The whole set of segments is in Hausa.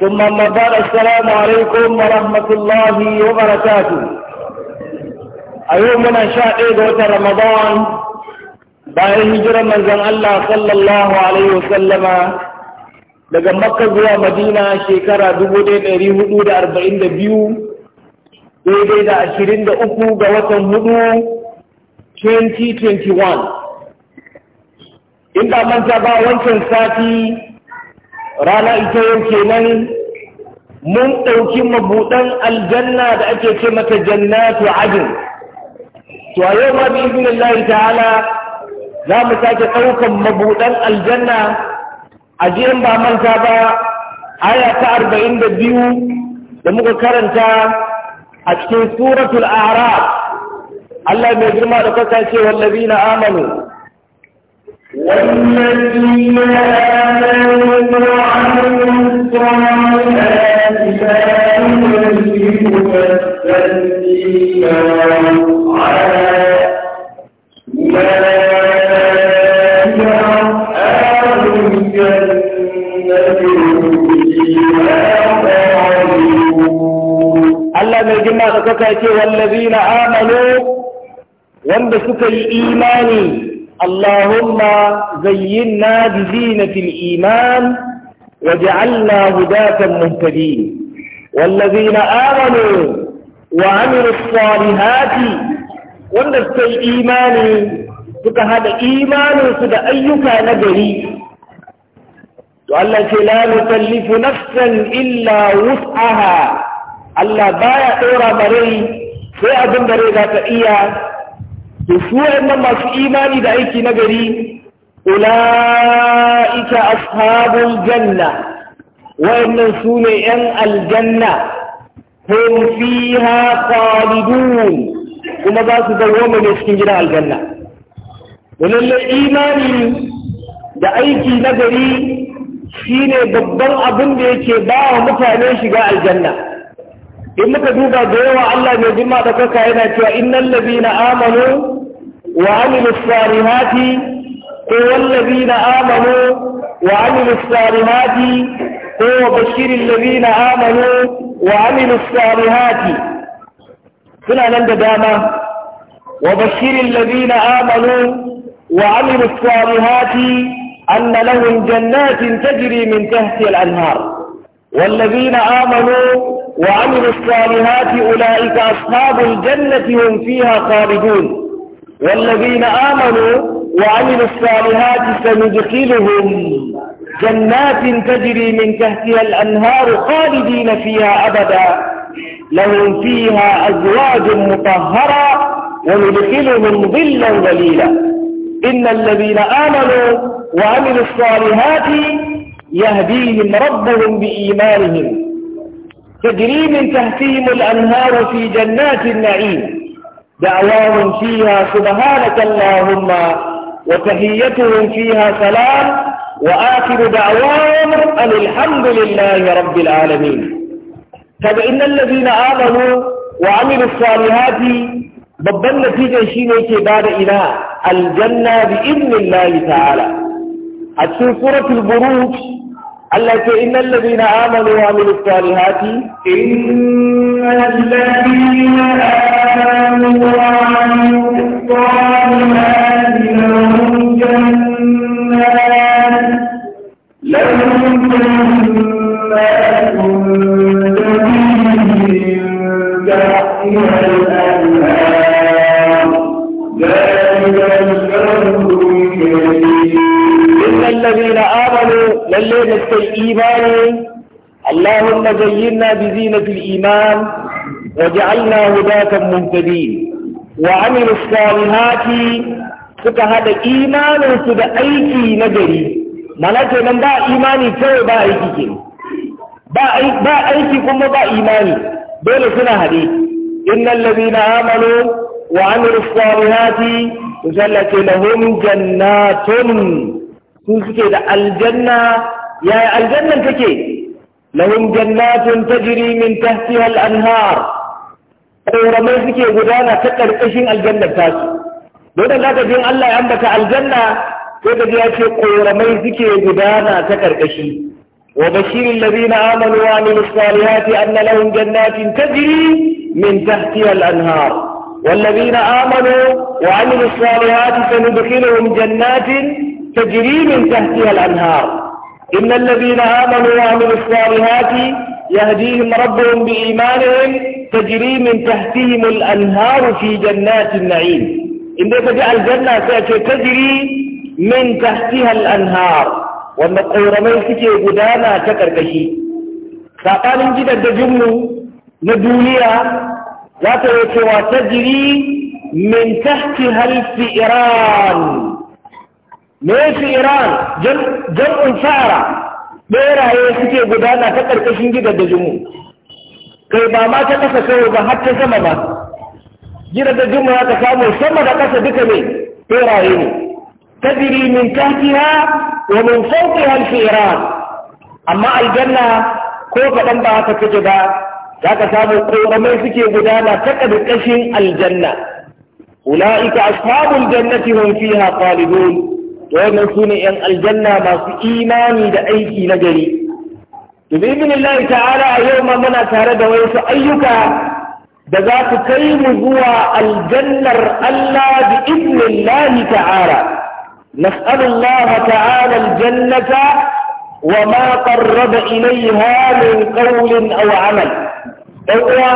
ثم أما بعد السلام عليكم ورحمة الله وبركاته أيومنا شاهد وتر رمضان bayan hijirar manzon Allah sallallahu alaihi wasallama daga Makka zuwa Madina shekara 1442 daidai da 23 ga watan hudu 2021 inda manta ba wancan sati rana ita yau kenan mun ɗauki mabuɗan aljanna da ake ce mata jannatu adin to a yau ma bi iznillahi ta'ala za mu sake ɗaukan mabuɗan aljanna a jiyan ba manta ba aya ta arba'in da biyu da muka karanta a cikin suratul araf Allah mai girma da kwata ce na amanu والذين آمنوا وعملوا الصالحات لا نكلف التسليم على أولئك أصحاب الجنة Allah mai girma da kaka ce wallazina amanu wanda suka yi imani اللهم زينا بزينة الإيمان وجعلنا هداة مهتدين والذين آمنوا وعملوا الصالحات ونفس الإيمان هذا إيمان فد أيك نجري وألا لا نكلف نفسا إلا وسعها ألا بايع أورا مري في أبن مري إياه to su wayannan masu imani da aiki na gari ula'ika ashabul janna wayannan su ne ‘yan aljanna hum fiha khalidun kuma za su dawoma ne cikin gidan aljanna lallai imani da aiki na gari shine babban abin da yake ba wa mutane shiga aljanna in muka duba da yawa Allah mai jima da kaka yana cewa innal ladina amanu وعملوا الصالحات هو الذين آمنوا وعملوا الصالحات هو بشر الذين آمنوا وعملوا الصالحات سنة نند داما وبشر الذين آمنوا وعملوا الصالحات أن لهم جنات تجري من تحت الأنهار والذين آمنوا وعملوا الصالحات أولئك أصحاب الجنة هم فيها خالدون والذين آمنوا وعملوا الصالحات سندخلهم جنات تجري من تحتها الأنهار خالدين فيها أبدا لهم فيها أزواج مطهرة وندخلهم ظلا ظليلا إن الذين آمنوا وعملوا الصالحات يهديهم ربهم بإيمانهم تجري من تحتهم الأنهار في جنات النعيم دعواهم فيها سبحانك اللهم وتحيتهم فيها سلام وآخر دعواهم أن الحمد لله رب العالمين طب إن الذين آمنوا وعملوا الصالحات babban natijar shi ne ke ba da ina aljanna bi idnillahi a cikin suratul Allah ke innal ladina amanu wa amilus salihati innal ladina amanu wa amilus salihati lahum jannat lahum jannatun tajri min tahtiha al-anhar lalle da suka yi imani Allahumma zayyinna bi zinatil iman wa ja'alna hudatan muhtadin wa amilu salihati suka hada imanin su da aiki na gari mana kenan ba imani kawai ba aiki ke ba aiki kuma ba imani dole suna hade innal ladina amanu wa amilu salihati tusallatu lahum jannatun su suke da aljanna yaya aljannan take lahum jannatun tajri min tahtiha al-anhar ƙoramai suke gudana ta ƙarƙashin aljannar tasu don da ka jin Allah ya ambata aljanna sai ka ji ya ce ƙoramai suke gudana ta ƙarƙashi wa bashirin ladina amanu wa amilu salihati anna lahum jannatin tajri min tahtiha al-anhar والذين آمنوا وعملوا الصالحات سندخلهم jannatin. تجري من تحتها الأنهار إن الذين آمنوا وعملوا الصالحات يهديهم ربهم بإيمانهم تجري من تحتهم الأنهار في جنات النعيم إن تجعل الجنة تجري من تحتها الأنهار وأن ƙoramai suke gudana ta ƙarƙashi إن gidan da jinmu لا duniya تجري من تحتها الفئران me iran jam'un sa'ara beraye suke gudana ta ƙarƙashin gidan da jimu kai ba ma ta ƙasa kawai ba har ta sama ba gidan da jimu ya ta samu sama da ƙasa duka ne beraye ne tajiri min tafiya wa min fawqiha al-firan amma aljanna ko kaɗan ba haka take ba za ka samu ƙoramai suke gudana ta ƙarƙashin aljanna ula'ika ashabul jannati hum fiha khalidun wannan su ne ‘yan aljanna masu imani da aiki na gari. Tuzi bin Allah ta'ala a yau ma muna tare da wasu ayyuka da za su kai mu zuwa aljannar Allah bi izinin lahi ta'ala. Nas'alun Allah ta'ala aljannata wa ma ƙarraba ilai halin ƙaunin au amal. Ɗan’uwa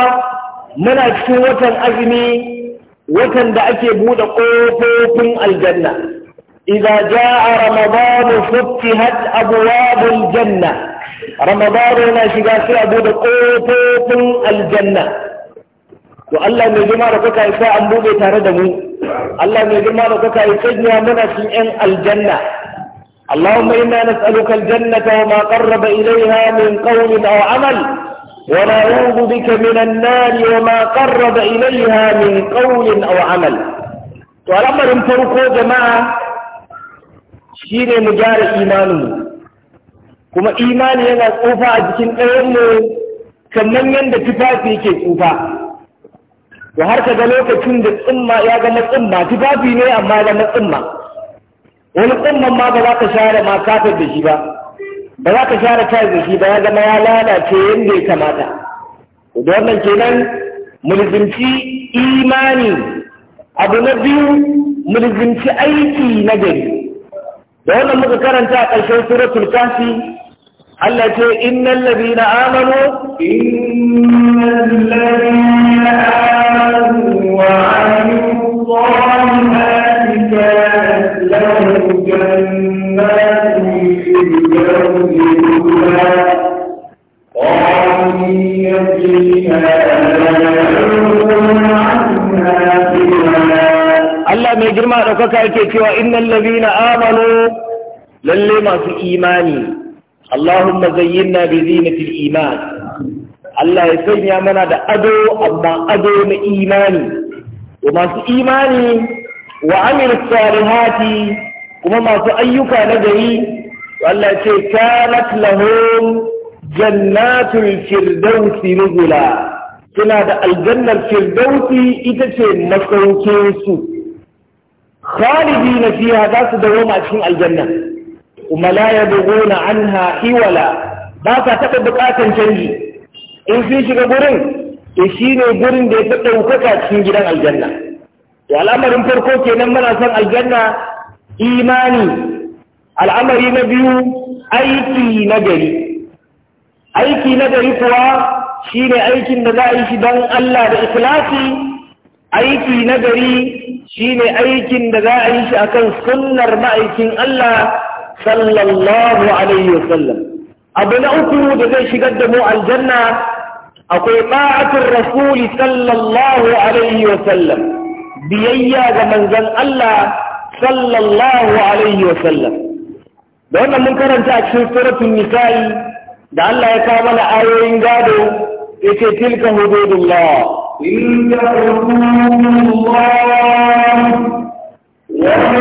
muna cikin watan azumi watan da ake buɗe ƙofofin aljanna. إذا جاء رمضان فتحت أبواب الجنة رمضان هنا شجاسي أبو دقوطوط الجنة وألا نجمع لكك إساء إيه أنبوغي تاردمو ألا نجمع لكك إسجنا إيه من سيئن الجنة اللهم إنا نسألك الجنة وما قرب إليها من قول أو عمل ونعوذ بك من النار وما قرب إليها من قول أو عمل أمر انتركوا جماعة shi ne mu gyara imaninmu kuma imani yana tsufa a jikin ɗayanmu kamar yadda tufafi ke tsufa da har ka ga lokacin da tsumma ya ga tsumma tufafi ne amma da matsumma wani tsumman ma ba za ka share ma kafin da shi ba ba za ka share tayar da shi ba ya zama ya lalace yadda ya kamata da wannan kenan mulzimci imani abu na biyu mulzimci aiki na gari da wannan muka karanta a ƙarshen suratul kafi Allah ce innal ladina amanu innal ladina amanu wa amilus salihati kanat lahum jannatun fi ɗaukaka yake cewa innan ladina amanu lalle masu imani Allahumma zayyinna bi zinatil iman Allah ya sanya mana da ado amma ado na imani wa masu imani wa amil salihati kuma masu ayyuka na gari Allah ce kanat lahum jannatul firdausi nuzula suna da aljannar firdausi ita ce su. khalidina fiha za su dawoma a cikin aljanna kuma la yabghuna anha hiwala ba sa taɓa bukatan canji in sun shiga gurin to shine gurin da ya fi ɗaukaka cikin gidan aljanna to al'amarin farko kenan muna son aljanna imani al'amari na biyu aiki na gari aiki na gari kuwa shine aikin da za a yi shi don Allah da ikhlasi aiki na gari shine aikin da za a yi shi akan sunnar ma'aikin Allah sallallahu alaihi wasallam abu na uku da zai shigar da mu aljanna akwai ba'atul rasuli sallallahu alaihi wasallam biyayya ga manzan Allah sallallahu alaihi wasallam da wannan mun karanta a cikin suratul nisa'i da Allah ya kawo mana ayoyin gado yake tilka hududullah tilka hududullah wa man Yeah.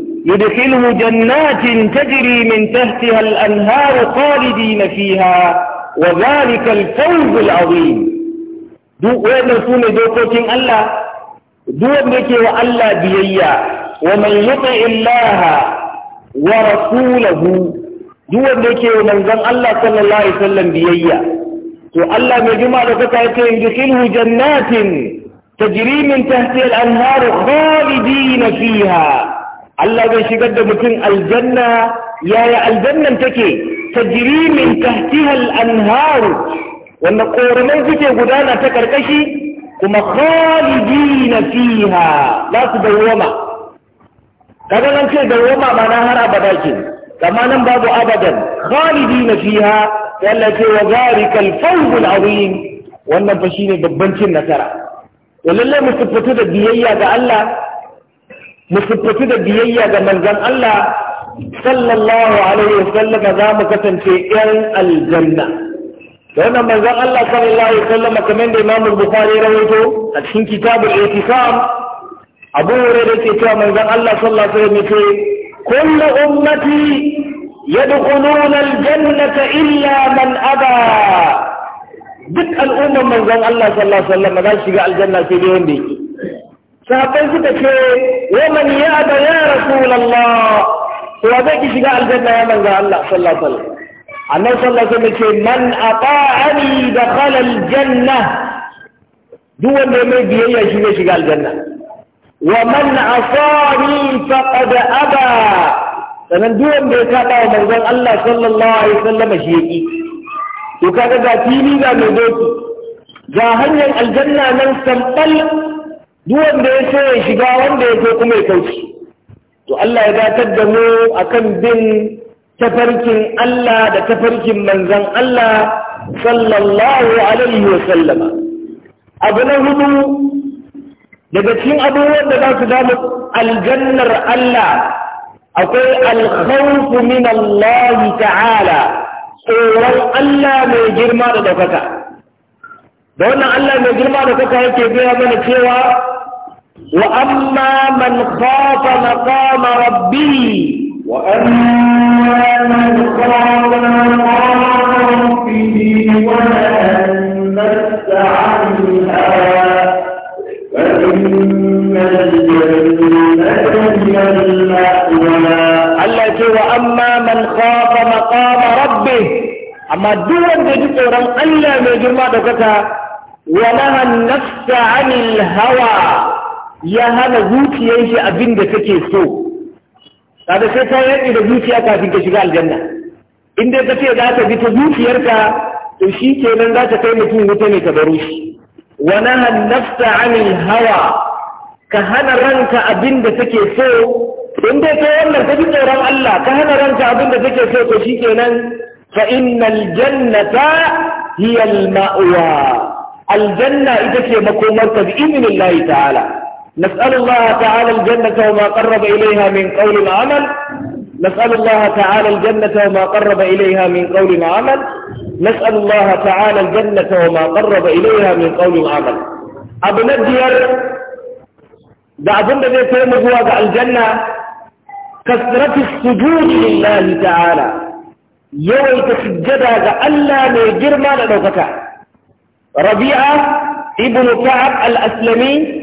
يدخله جنات تجري من تحتها الأنهار خالدين فيها وذلك الفوز العظيم دو ومسون دوكوتين الله دو مكيو الله بيئيا ومن يطع الله ورسوله دو مكيو من ذن الله صلى الله عليه وسلم بيئيا تو الله مجمع لكتاكين دخله جنات تجري من تحتها الأنهار خالدين فيها Allah zai shigar da mutum aljanna yaya aljannan take tajri min tahtiha al-anhar wanda koramai suke gudana ta karkashi kuma khalidina fiha za su dawwama kaga nan ce dawwama mana har abada ke kama nan babu abadan khalidina fiha yalla ce wa zalika al-fawz al-azim wannan fa shine babban cin nasara to lalle mu tabbata da biyayya ga Allah mu siffatu da biyayya ga manzan Allah sallallahu alaihi wasallam za mu kasance yan aljanna da wannan manzan Allah sallallahu alaihi wasallam kamar da Imam Bukhari rawaito a cikin kitabul Ihtisam Abu da ke cewa manzan Allah sallallahu alaihi wasallam ce, kullu ummati yadkhuluna aljannata illa man aba duk al'ummar manzan Allah sallallahu alaihi wasallam za su shiga aljanna sai dai wanda yake sahabbai suka ce wa man ya'ba ya rasulullah to zai ki shiga aljanna ya manzo Allah sallallahu alaihi wasallam annabi sallallahu alaihi wasallam ce man ata'ani dakhala aljanna duk wanda ya mai biyayya shi zai shiga aljanna wa man asani faqad aba sanan duk wanda ya saba wa manzon Allah sallallahu alaihi wasallam shi yaki to kaga ga fili ga mai doki ga hanyar aljanna nan sambal duk wanda ya so ya shiga wanda ya so kuma ya kauce to Allah ya datar da mu akan bin tafarkin Allah da tafarkin manzan Allah sallallahu alaihi wa sallama abu na hudu daga cikin abubuwan da za su damu aljannar Allah akwai alkhawfu min Allah ta'ala tsoron Allah mai girma da dafaka da wannan Allah mai girma da dafaka yake gaya mana cewa وأما من خاف مقام ربه وأما من خاف مقام ربه وأن عنها فإن الجنة هي المأوى التي وأما من خاف مقام ربه أما دون ذلك أن لا يجمع دكتا ونهى النفس عن الهوى ya hana zuciyar shi abin da take so kada sai ka yanki da zuciya kafin ka shiga aljanna in dai ka ce za ka bi ta zuciyarka to shi kenan za ka kai mutum wuta ne ka baro shi wa nahan nafsa anil hawa ka hana ranka abin da take so in dai kai wannan ka bi tsoron Allah ka hana ranka abin da take so to shi kenan fa innal jannata hiya al ma'wa aljanna ita ce makomar ka bi ta'ala نسأل الله تعالى الجنة وما قرب إليها من قول وعمل نسأل الله تعالى الجنة وما قرب إليها من قول وعمل نسأل الله تعالى الجنة وما قرب إليها من قول وعمل أبو نجير دعبنا ذي كلمة هو الجنة كثرة السجود لله تعالى يوم تسجد ألا من جرمان أنوكتا ربيعة ابن كعب الأسلمي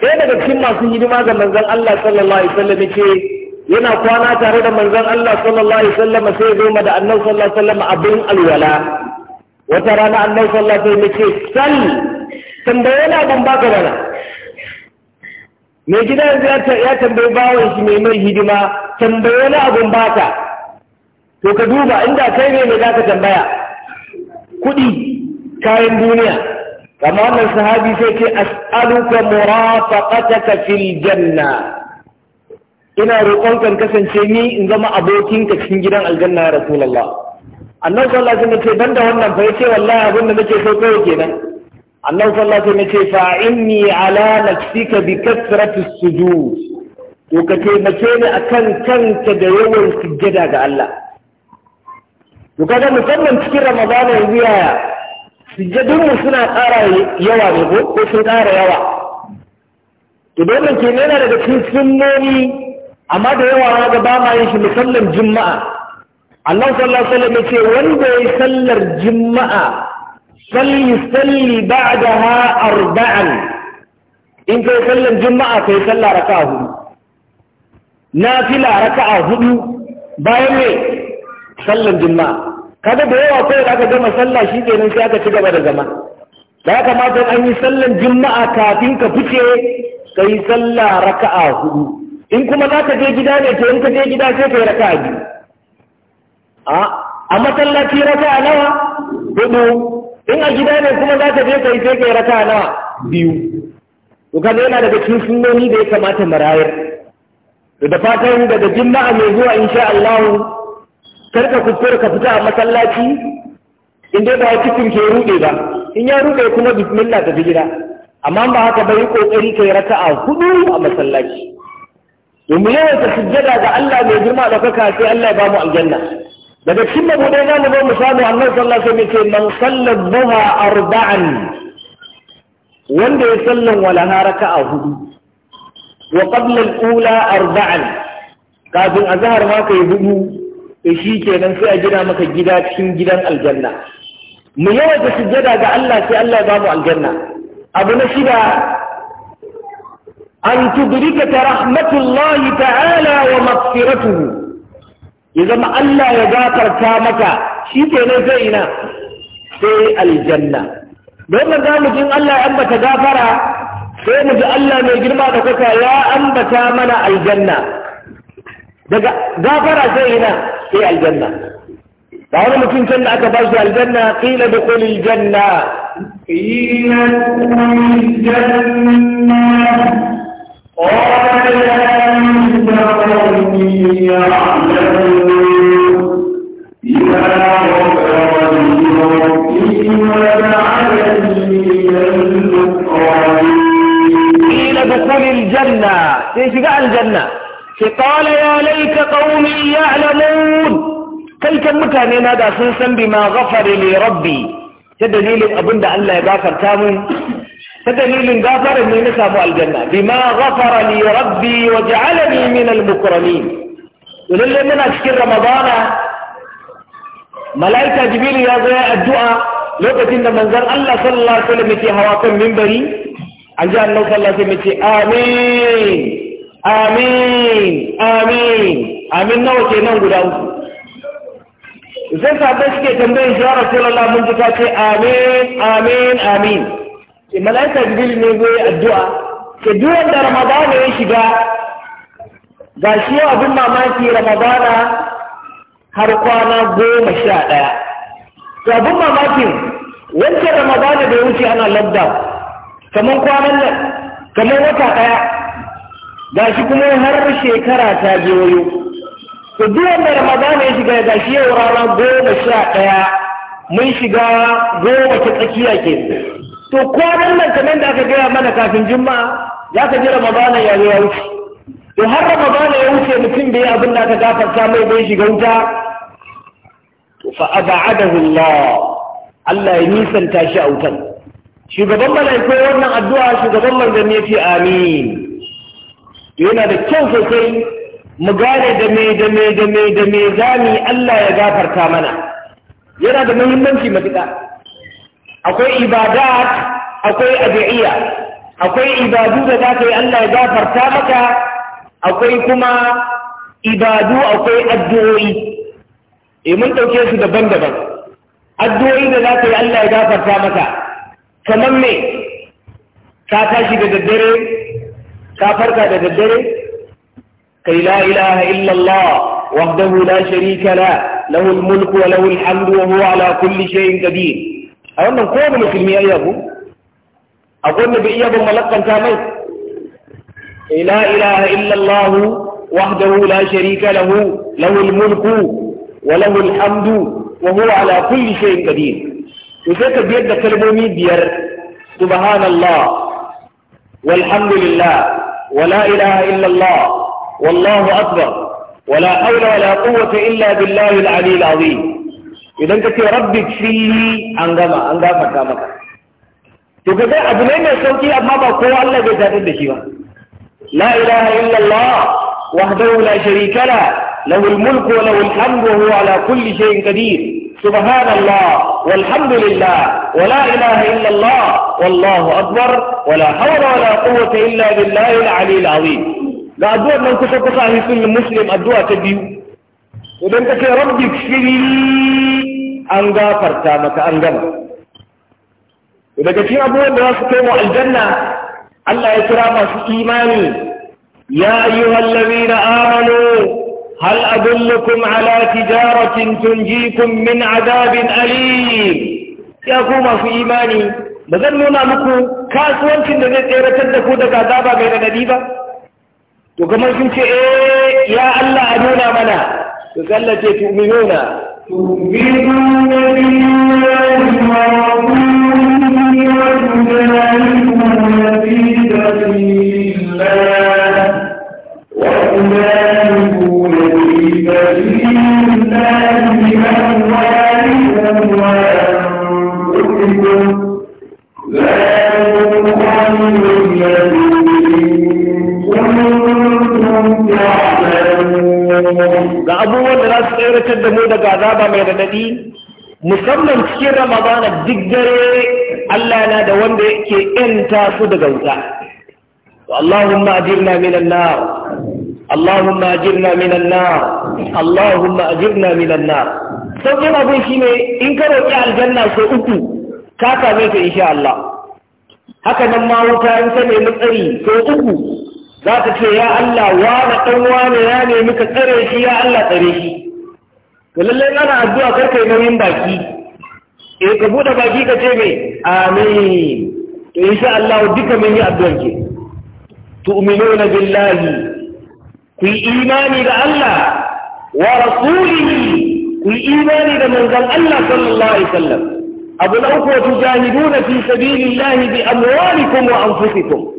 ɗaya daga cikin masu hidima ga manzon Allah sallallahu alaihi wasallam ce yana kwana tare da manzon Allah sallallahu alaihi wasallam sai zo da annabi sallallahu alaihi wasallam abin alwala wata rana annabi sallallahu alaihi wasallam ce sal tambaye na ban baka bana mai gida ya tambayi bawan shi mai mai hidima tambaye na abin baka to ka duba inda kai ne mai zaka tambaya kuɗi kayan duniya kama wannan sahabi sai ce as'aluka murafaqataka fil janna ina roƙon kan kasance ni in zama abokinka cikin gidan aljanna ya rasulullah annabi sallallahu alaihi wasallam ce banda wannan fa yace wallahi abin da nake so kai kenan annabi sallallahu alaihi wasallam ce fa inni ala nafsika bi kathrati sujud to ka taimake ni akan kanka da yawan sujjada ga Allah to kaga musamman cikin ramadana yanzu yaya sujjadunmu suna ƙara yawa ne ko ko sun ƙara yawa to dole ke yana daga cikin sunnoni amma da yawa ma ga ba ma yin shi musamman juma'a Allah sallallahu alaihi wasallam yace wanda yayi sallar juma'a salli salli ba'daha arba'an in kai sallar juma'a kai sallar raka'a hudu nafila raka'a hudu bayan me sallar juma'a kada da yawa kawai aka gama sallah shi nan sai aka ci gaba da zama da kamata an yi sallan juma'a kafin ka fice ka yi sallah raka'a hudu in kuma za ka je gida ne to in ka je gida sai ka yi raka'a biyu a masallaci raka'a nawa hudu in a gida ne kuma za ka je ka yi sai ka yi raka'a nawa biyu to kaga yana daga cikin sunnoni da ya kamata marayar. da fatan daga juma'a mai zuwa insha Allah kar ka kuskura ka fita a masallaci in dai ba cikin ke rude ba in ya rude kuma bismillah ta gida amma ba haka bai yi kokari kai raka'a hudu a masallaci domin yawan ta sujjada ga Allah mai girma da kaka sai Allah ya ba mu aljanna daga cikin mabudai na mu mu samu annabi sallallahu alaihi wasallam ce man salla dhuha arba'an wanda ya sallan walaha raka'a hudu wa qabla al-ula arba'an kafin azhar ma kai hudu to eh, shi kenan sai a gina maka gida cikin gidan aljanna mu yawaita sujjada ga Allah sai Allah ya mu aljanna abu na shida an tudrika ta rahmatullahi ta'ala wa maghfiratuhu ya zama Allah ya gafarta maka shi kenan sai ina sai aljanna don za mu jin Allah ya ambata gafara sai mu ji Allah mai girma da kuka ya ambata mana aljanna daga gafara sai ina في الجنة بعض المكين كان أتباش الجنة قيل دخول الجنة قيل دخول الجنة قال أنت قومي يعلمون بما غفر قيل دخول الجنة ايش قال الجنة قال يا قوم يَعْلَمُونَ كل كم مكانين هذا سنسن بما غفر لي ربي تدليل أبن دا الله يغفر تامون تدليل غفر من نسامو الجنة بما غفر لي ربي وجعلني من المكرمين ولل من أشكر رمضان ملايكة جبيل يا زياء الدعاء لو تتند منظر الله صلى الله عليه وسلم في هواكم من بري عن جاء الله صلى الله عليه وسلم آمين amin amin amin nawa ke nan guda uku zai sabai suke tambayin shi ya rasulallah mun ji ta ce amin amin amin ce mala'ika jibril ne zai addu'a ke duwan da ramadana ya shiga ga shi yau abin mamaki ramadana har kwana goma sha ɗaya to abin mamakin wancan ramadana da ya wuce ana lockdown kamar kwanan nan kamar wata ɗaya ga shi kuma har shekara ta je wayo to duk wanda ramadana ya shiga ga shi yau rana goma sha ɗaya mun shiga goma ta tsakiya ke to kwanan nan kamar da aka gaya mana kafin juma'a za ka ji ramadana ya zo wuce to har ramadana ya wuce mutum bai abin da aka gafarta mai bai shiga wuta to fa aba'adahu Allah Allah ya nisanta shi a wutan shugaban mala'ikai wannan addu'a shugaban manzanni ya ce amin yana da kyau sosai mu gane da me da me da me da me za mu Allah ya gafarta mana yana da muhimmanci matuƙa akwai ibadat akwai addu'a akwai ibadu da zaka yi Allah ya gafarta maka akwai kuma ibadu akwai addu'o'i eh mun dauke su daban-daban addu'o'i da zaka yi Allah ya gafarta maka kamar me ka tashi da daddare ka farka da daddare kai la ilaha illallah wahdahu la sharika la lahu almulku wa lahu alhamdu wa huwa ala kulli shay'in qadir a wannan kowane musulmi ya yabo akwai wanda bai iya ban malakanta mai kai la ilaha illallah wahdahu la sharika lahu lahu almulku wa lahu alhamdu wa huwa ala kulli shay'in qadir to sai ka biyar da kalmomi biyar subhanallah walhamdulillah ولا إله إلا الله والله أكبر ولا حول ولا قوة إلا بالله العلي العظيم إذا أنت في رب في أنغما أنغما كامك تقول أبنين يسوكي أما بقوة الله بذات الدشيوة لا إله إلا الله وحده لا شريك له له الملك وله الحمد وهو على كل شيء قدير سبحان الله والحمد لله ولا إله إلا الله والله أكبر ولا حول ولا قوة إلا بالله العلي العظيم لا أدوى من كتب صحيح سن المسلم أدوى تبيو ومن تكي ربي بشري أنغا فرتامك أنغا ومن تكي أبوى الناس كيمو الجنة الله يكرام في إيماني يا أيها الذين آمنوا هل أدلكم على تجارة تنجيكم من عذاب أليم يا قوم في إيماني بذل نونا مكو كاسوان كن دزي تيرا تدكو دك عذابا غير نديبا وكما كما كنت إيه يا الله أدونا منا لك تؤمنون تؤمنون بالله ورسوله وتجاهدون في سبيل الله abubuwan da za su tsere da mu daga azaba mai radadi musamman cikin ramadana duk dare Allah na da wanda yake ‘yanta tasu daga wuta. Allahumma ajirna minan nar Allahumma ajirna minan nar Allahumma ajirna minan nar sauƙin abin shi ne in ka roƙi aljanna sau uku ka same ta in sha Allah haka nan ma wuta in ka nemi tsari sau uku za ta ce ya Allah wane ɗan wane ya nemi ka tsare shi ya Allah tsare shi to lallai ana addu'a kar kai nauyin baki eh ka buɗe baki ka ce mai amin to insha Allah duka mun yi addu'ar ke tu'minuna billahi ku yi imani da Allah wa rasulihi ku yi imani da manzon Allah sallallahu alaihi wasallam abu na uku tujahiduna fi sabilillahi bi amwalikum wa anfusikum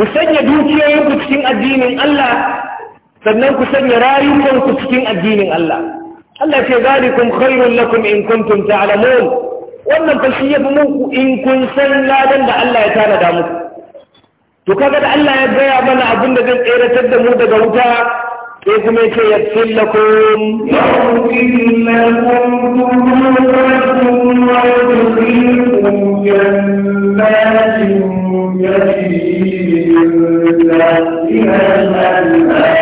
ku sanya dukiyoyinku cikin addinin Allah sannan ku sanya rayukanku cikin addinin Allah Allah ce zalikum khairun lakum in kuntum ta'lamun wannan fa shi yafi muku in kun san ladan da Allah ya tana da muku to kaga da Allah ya gaya mana abin da zai tseratar da mu daga wuta إذنك يغفر لكم يغفر لكم ذنوبكم ويدخلكم جنات يجري من تحتها الأنهار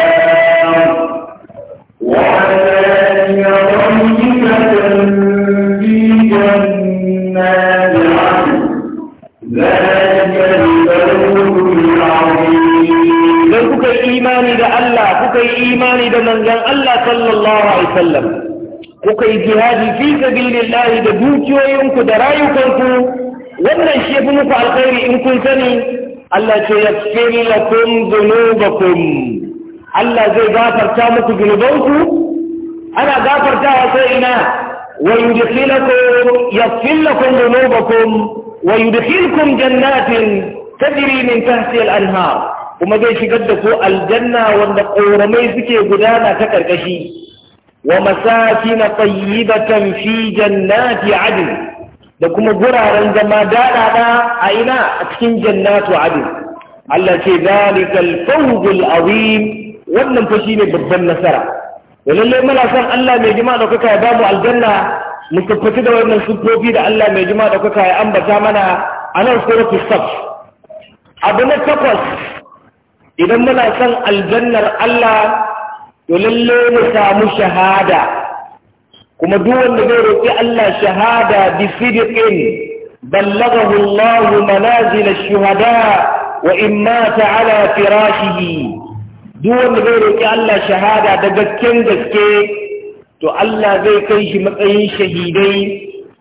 wasallam kuka yi jihadi fi sabilillah da dukiyoyinku da rayukanku wannan shi fi muku alkhairi in kun sani Allah ce yaghfir lakum dhunubakum Allah zai gafarta muku zunubanku ana gafartawa sai ina wa yudkhilukum yaghfir lakum dhunubakum wa yudkhilukum jannatin tajri min tahtiha al-anhar kuma zai shigar da ku aljanna wanda ƙoramai suke gudana ta ƙarƙashi ومساكن طيبة في جنات عدن da kuma guraren zama daɗaɗa a ina a cikin jannatu adin Allah ce zalikal fawzul azim wannan fa shine babban nasara to lalle muna son Allah mai jima da kuka ya babu aljanna mu tabbata da wannan sufofi da Allah mai jima da kuka ya ambata mana a nan suratul saf abu na takwas idan muna son aljannar Allah to lalle mu samu shahada kuma duk wanda zai roƙi Allah shahada bi sidqin ballaghahu Allah manazil ash-shuhada wa in mata ala firashihi duk wanda zai roƙi Allah shahada da gakken gaske to Allah zai kai shi matsayin shahidai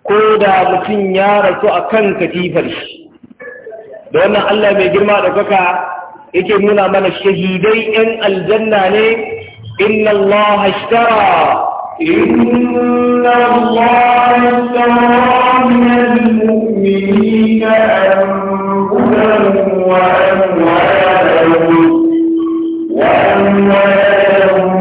ko da mutum ya rasu akan katifar shi da wannan Allah mai girma da kaka yake nuna mana shahidai 'yan aljanna ne إن الله اشترى إن الله اشترى من المؤمنين أنفسهم وأموالهم وأموالهم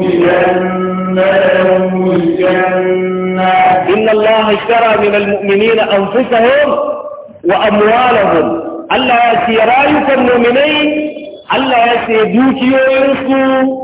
بأنهم الجنة إن الله اشترى من المؤمنين أنفسهم وأموالهم ألا يأتي رايك المؤمنين ألا يأتي دوكيوينسو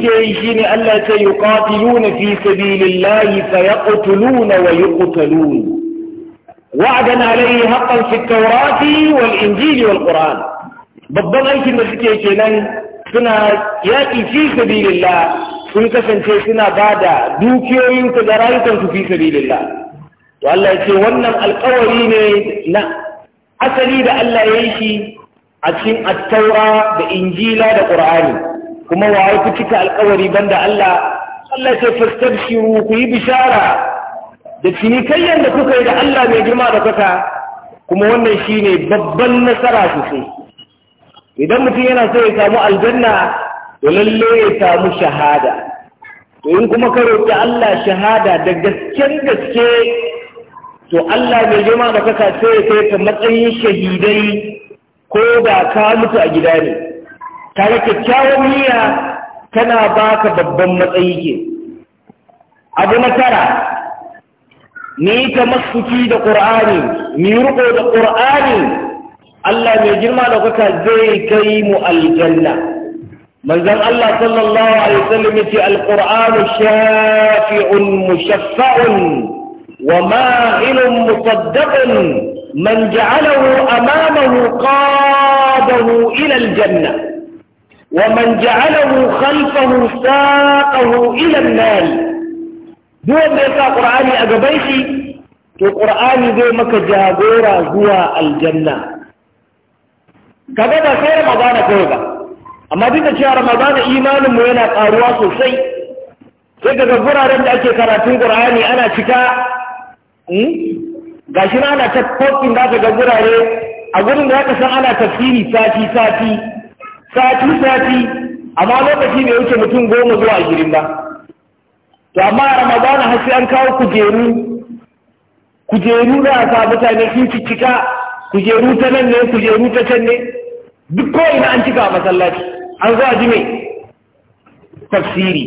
suke yi shine Allah ce yuqatiluna fi sabilillahi fayaqtuluna wa yuqtalun wa'dan alayhi haqqan fi tawrati wal injili wal qur'an babban aikin da suke kenan suna yaƙi fi sabilillah sun kasance suna bada dukiyoyinsu da rayukansu fi sabilillah to Allah ya ce wannan alƙawari ne na asali da Allah ya yi shi a cikin attaura da injila da qur'ani kuma wa ku cika alkawari banda Allah Allah ce fastabshiru ku yi bishara da cinikayyar da kuka yi da Allah mai girma da kuka kuma wannan shine babban nasara sosai idan mutum yana so ya samu aljanna to lalle ya samu shahada to in kuma ka roƙi Allah shahada da gasken gaske to Allah mai girma da kuka sai ya kai ka matsayin shahidai ko da ka mutu a gida ne kaga kyakkyawan niyya tana baka babban matsayi ke abu na tara ni ta masuki da ƙur'ani ni riko da ƙur'ani Allah mai girma da kuka zai kai mu aljanna manzon Allah sallallahu alaihi wasallam yace alqur'anu shafi'un mushaffa'un wa ma'ilun musaddaqun man ja'alahu amamahu qadahu ila aljanna ومن جعله خلفه ساقه إلى النار دون ذلك قرآني أقبيشي to ƙur'ani zai maka jagora zuwa aljanna kaga ba sai ramadana kawai ba amma duk da cewa ramadana imanin mu yana ƙaruwa sosai sai daga guraren da ake karatun ƙur'ani ana cika gashi na ana ta posting da ga gurare a wurin da aka san ana tafsiri sati sati sati sati amma lokaci bai wuce mutum goma zuwa girin ba to amma a ramadana har sai an kawo kujeru kujeru za a sa mutane sun cicika kujeru ta nan ne kujeru ta can ne duk kawai an cika a masallaci an zuwa a ji tafsiri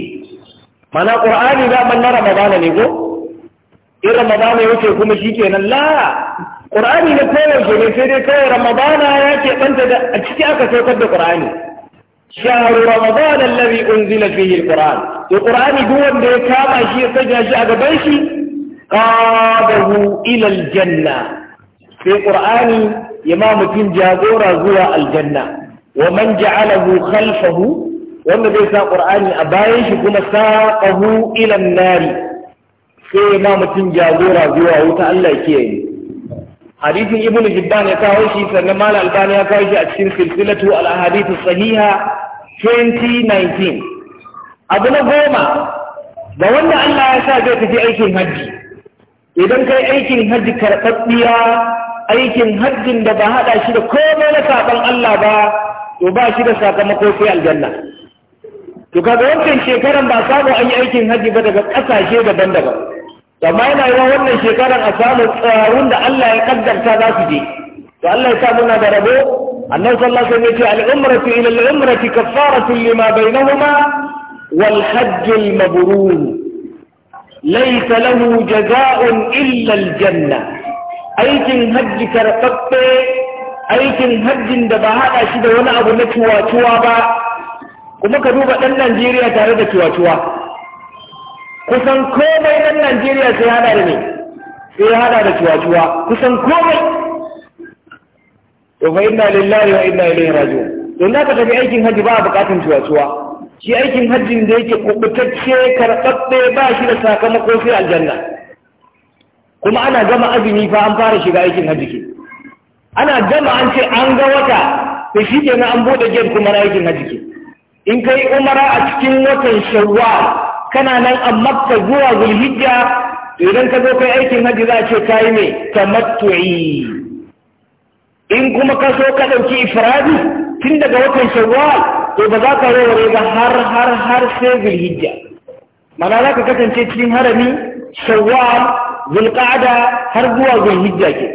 mana ƙur'ani za a na ramadana ne ko in ramadana yake kuma shi kenan la ƙur'ani na koyaushe ne sai dai kawai ramadana ya ke ɓanta da a ciki aka saukar da ƙur'ani shaharu ramadana lari unzila fihi alquran to ƙur'ani duk wanda ya kama shi ya sanya shi a gaban shi qadahu ila aljanna sai ƙur'ani ya ma mutum jagora zuwa aljanna wa man ja'alahu khalfahu wanda zai sa ƙur'ani a bayan shi kuma saqahu ila an-nari sai ma mutum jagora zuwa wuta Allah ke yi hadisin ibnu hibban ya kawo shi sannan mal albani ya kawo shi a cikin silsilatu al ahadith sahiha 2019 abu na goma ba wanda Allah ya sa zai tafi aikin hajji idan kai aikin hajji karɓaɓɓiya aikin hajjin da ba haɗa shi da komai na saɓon Allah ba to ba shi da sakamako sai aljanna to kaga wancan shekaran ba samu an yi aikin hajji ba daga ƙasashe daban-daban amma yana yawan wannan shekarar a samu tsarun da Allah ya kaddarta za su je to Allah ya sa muna da rabo annabi sallallahu alaihi wasallam ya ce al-umratu ila al-umrati kaffaratu lima bainahuma wal hajj al-mabrur laysa lahu jazaa'un illa al-janna aikin hajji karfafe aikin hajjin da ba haɗa shi da wani abu na cuwa-cuwa ba kuma ka duba ɗan Najeriya tare da cuwa-cuwa kusan komai ɗan Najeriya sai hada da ne sai hada da cuwa-cuwa kusan komai to fa'in na lillahi wa inna ilaihi raju don na ka tafi aikin hajji ba a bukatun cuwa-cuwa shi aikin hajjin da yake kubutacce karɓaɓɓe ba shi da sakamako sai aljanna kuma ana gama azumi fa an fara shiga aikin hajji ke ana gama an ce an ga wata da shi kenan an buɗe gate kuma na aikin hajji ke in kai umara a cikin watan shawwal kana nan a makka zuwa zulhijja idan ka zo kai aikin hajji za a ce kayi mai tamattu'i in kuma ka so ka ɗauki ifradi tun daga watan shawwal to ba za ka warware ba har har har sai zulhijja mana za ka kasance cikin harami shawwal zulqa'ada har zuwa zulhijja ke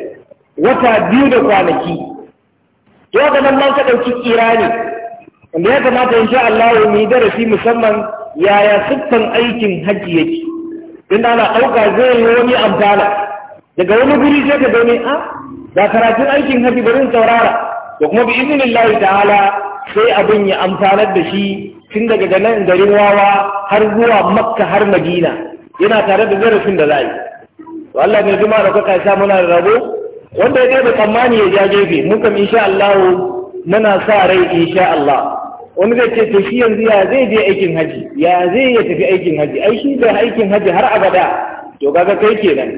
wata biyu da kwanaki to ga nan ka ɗauki ne. wanda ya kamata in sha Allah mu yi darasi musamman yaya siffan aikin hajji yake in ana ɗauka zai yi wani amfana daga wani guri sai ka gani ah, a Ba karatun aikin hajji barin saurara da kuma bi izinin ta'ala sai abin ya amfanar da shi tun daga ganin garin wawa har zuwa makka har madina yana tare da zarafin da za yi to Allah ne jima da kuka sa muna da rabo wanda ya da tsammani ya ja gefe mun kam insha Allah muna sa rai insha Allah wani zai ce to shi yanzu ya zai je aikin haji ya zai ya tafi aikin haji ai shi da aikin haji har abada to kaga kai kenan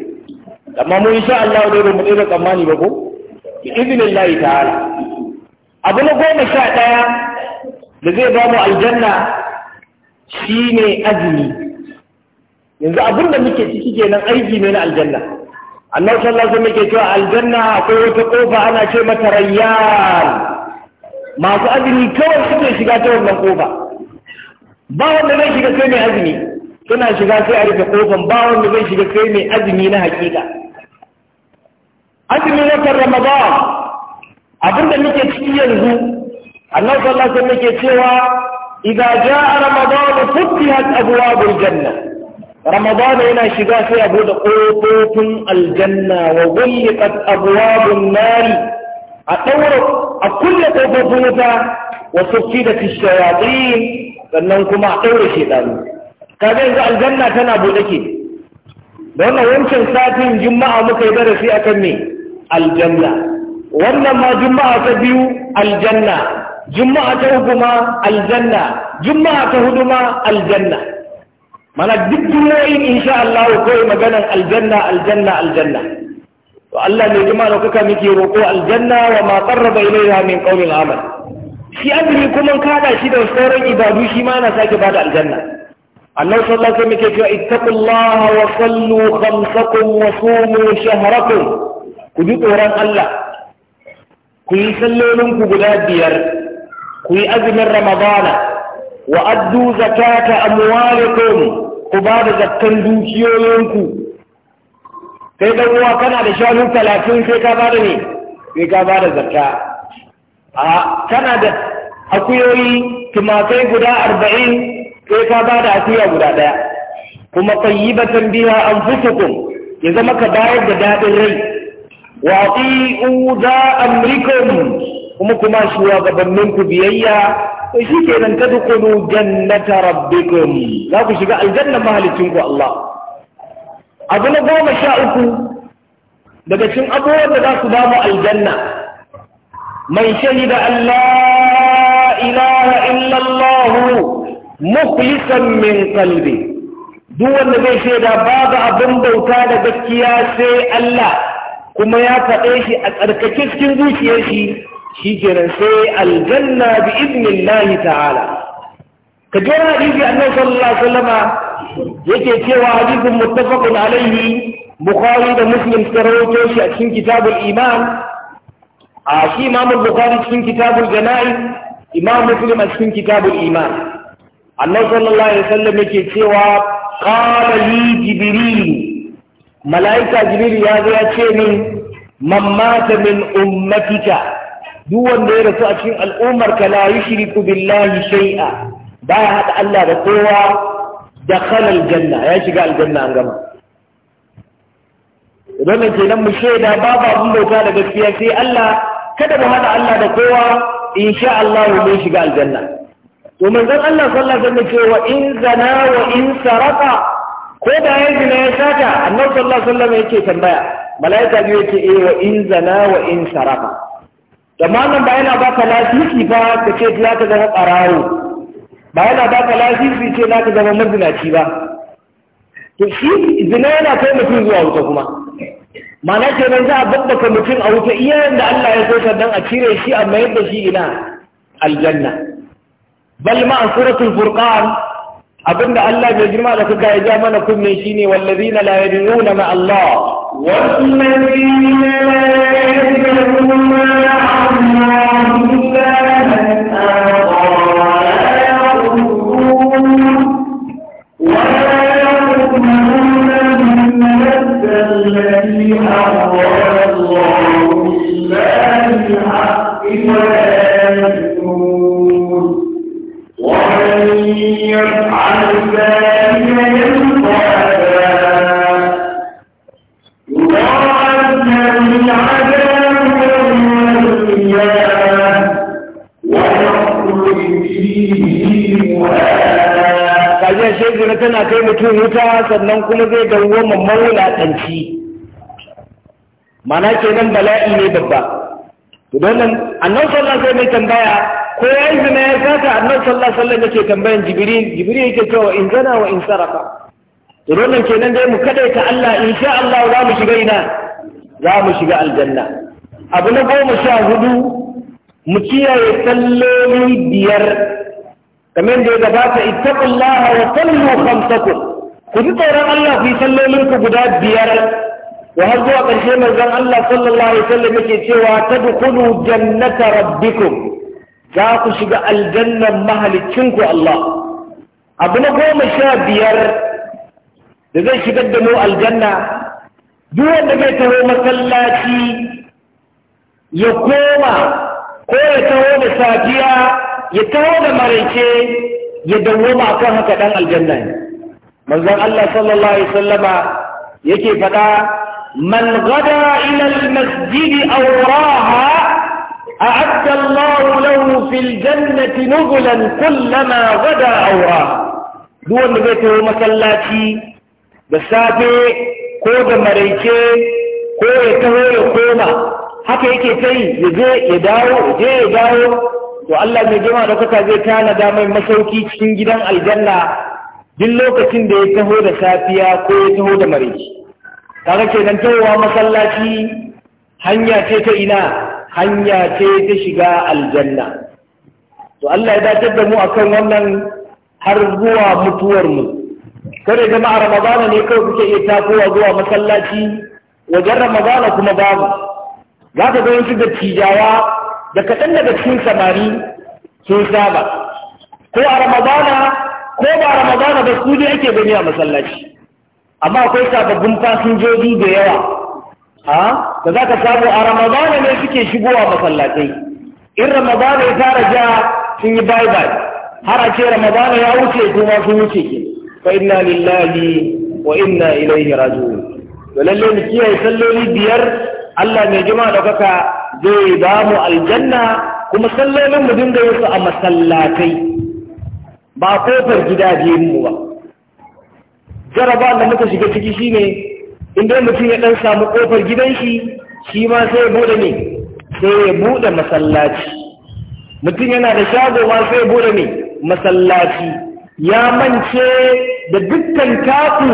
amma mu insha Allah dai ba mu da tsammani ba ko bi idnillahi ta'ala abu na goma sha daya da zai ba mu aljanna shine azumi yanzu abin da muke ciki kenan aiki ne na aljanna annabi sallallahu alaihi wasallam yake cewa aljanna akwai wata kofa ana ce mata rayyan masu azumi kawai suke shiga ta wannan kofa ba wanda zai shiga sai mai azumi suna shiga sai a rufe kofan ba wanda zai shiga sai mai azumi na hakika azumin watan ramadan abinda muke ciki yanzu annabi sallallahu alaihi wasallam yake cewa idza jaa ramadan futihat abwabul janna ramadan yana shiga sai a bude kofofin aljanna wa ghulqat abwabun nar a daura a kulle ƙofofin wuta wa da shayatin sannan kuma a ɗaure shedanu kaga yanzu aljanna tana buɗe ke da wannan wancan satin juma'a muka yi darasi akan me aljanna wannan ma juma'a ta biyu aljanna juma'a ta uku ma aljanna juma'a ta hudu ma aljanna mana duk in insha Allah kawai maganan aljanna aljanna aljanna to Allah ne kuma da kuka muke roƙo aljanna wa ma qarraba ilayha min ƙaunin amal shi azumi kuma kada shi da sauran ibadu shi ma yana sake bada aljanna annabi sallallahu alaihi wasallam yake cewa ittaqullaha wa sallu khamsakum wa sumu shahrakum ku ji tsoron Allah ku yi sallolin ku guda biyar ku yi azumin ramadana wa addu zakata amwalikum ku ba da zakkan dukiyoyinku kai dan uwa kana da shanu talatin sai ka bada ne sai ka bada zakka a kana da akuyoyi tumakai guda arba'in sai ka bada akuya guda ɗaya kuma tayyibatan biha anfusukum ya zama ka bayar da daɗin rai wa ati'u za amrikum kuma kuma shugabannin ku biyayya to shikenan tadkhulu jannata rabbikum za ku shiga aljanna mahalicin ku Allah abu na goma sha uku daga cikin abubuwan da za su ba mu aljanna man shahida Allah ilaha illallah mukhlisan min qalbi duk wanda zai shaida babu abin bauta da gaskiya sai Allah kuma ya faɗe shi a tsarkake cikin zuciyar shi shi kenan sai aljanna bi idnillahi ta'ala ka jira wani hadisi annabi sallallahu alaihi wasallama yake cewa hadisin muttafaqun alaihi bukhari da muslim suka rawaito shi a cikin kitabul iman a shi imam bukhari cikin kitabul janaiz imam muslim a cikin kitabul iman annabi sallallahu alaihi wasallam yake cewa qala li jibril malaika jibril ya zo ya ce min man mata min ummatika duk wanda ya rasu a cikin al'ummar ka la yushriku billahi shay'a baya hada Allah da kowa dakhala aljanna ya shiga aljanna an gama wannan kenan mu shaida babu abin bauta da gaskiya sai Allah kada mu hada Allah da kowa insha Allah mu shiga aljanna to manzon Allah sallallahu alaihi wasallam cewa in zana wa in sarqa ko da ya zina ya sata annabi sallallahu alaihi wasallam yake tambaya malaika biyu yake eh wa in zana wa in sarqa da malam ba yana baka lafiya ba kace ya ta ga tsarawo ba yana ba ka lasisi ce za ka zama mazinaci ba to shi zina yana kai mutum zuwa wuta kuma mana kenan za a babbaka mutum a wuta iya yadda Allah ya so don a cire shi a mayar da shi ina aljanna bal ma suratul furqan abinda Allah bai girma da kuka ya ja mana kunne shine wallazina la yadununa ma Allah wallazina la yadununa ma Allah الذي أمر الله بالله ولا ومن يفعل ذلك ƙasashe zina tana kai mutum wuta sannan kuma zai dawoma mawulaƙanci mana kenan bala'i ne babba don nan annan sallah sai mai tambaya ko ya yi zina ya sata annan sallah sallah da ke tambayan Jibirin jibril yake cewa in zana wa in sarafa. don nan kenan dai mu kadaita allah in sha allah za mu shiga ina za mu shiga aljanna abu na goma sha hudu mu kiyaye salloli biyar kamar da ya gabata ittaqullaha wa sallu khamsakum ku ji tsoron Allah ku yi sallolin ku guda biyar wa har zuwa ƙarshe manzon Allah sallallahu alaihi wasallam yake cewa tadkhulu jannata rabbikum za ku shiga aljannan mahalicin ku Allah abu na goma sha biyar da zai shigar da mu aljanna duk wanda zai taho masallaci ya koma ko ya taho da safiya ya taho da maraice ya dawoma kan haka ɗan aljanna ne manzon Allah sallallahu alaihi wasallama yake faɗa man gada masjidi almasjid aw a a'adda Allah lahu fil jannati nuzulan kullama gada aura raha duk wanda zai taho masallaci da safe ko da maraice ko ya taho ya koma haka yake ta yi ya je ya dawo ya je ya dawo to Allah mai girma ɗaukaka zai da mai masauki cikin gidan aljanna duk lokacin da ya taho da safiya ko ya taho da mareci kaga kenan tahowa masallaci hanya ce ta ina hanya ce ta shiga aljanna to Allah ya dace da mu akan wannan har zuwa mutuwar mu kada jama'a ramadana ne kawai kuke iya takowa zuwa masallaci wajen ramadana kuma babu za ka ga wasu dattijawa da kaɗan daga cikin samari sun saba ko a ramadana ko ba ramadana ba su ake gani a masallaci amma akwai sababbin fasinjoji da yawa ha da za ka samu a ramadana ne suke shigowa masallatai in ramadana ya fara ja sun yi bye bye har a ce ramadana ya wuce kuma sun wuce ke fa inna lillahi wa inna ilaihi raji'un to lalle mu kiyaye salloli biyar Allah mai jima da kaka zai ba mu aljanna kuma sallolin mu dinga yin su a masallatai ba kofar gidajen mu ba jaraba da muka shiga ciki shine inda mutum ya dan samu kofar gidan shi shi ma sai bude ne sai ya bude masallaci mutum yana da shago ma sai bude ne masallaci ya mance da dukkan taku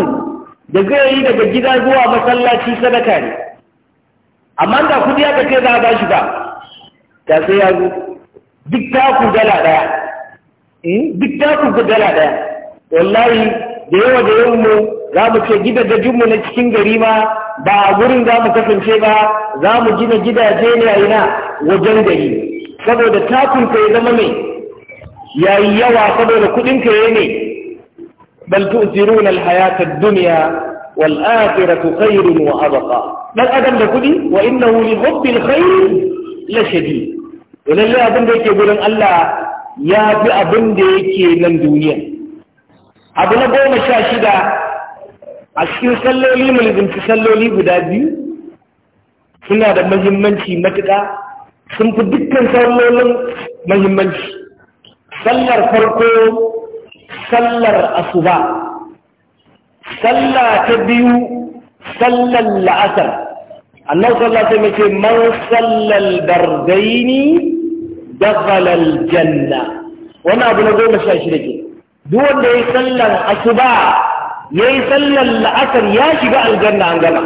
da zai yi daga gida zuwa masallaci sadaka ne amma da kudi aka ce za a ba shi ba ta sai ya zo duk taku dala daya eh, duk ku dala daya wallahi da yawa da yawan mu za mu ce da mu na cikin gari ma ba a gurin za mu kasance ba za mu gina gidaje ne a ina wajen gari saboda takun ka ya zama mai yayi yawa saboda kudin ka ya ne bal tu'thiruna al-hayata ad-dunya wal akhiratu da kudi wa innahu li hubbil khair la shadid lalle abin da yake gurin Allah ya fi abin da yake nan duniya abu na goma sha shida a cikin salloli mulkinci salloli guda biyu suna da mahimmanci matuka, sun fi dukkan sallolin mahimmanci sallar farko sallar asuba sallah ta biyu sallan la'asar annan sallah sai mace man sallal bardaini dakhalal janna wani abu na goma sha da ke duk wanda ya yi sallan asuba ya yi sallan la'asar ya shiga aljanna an gama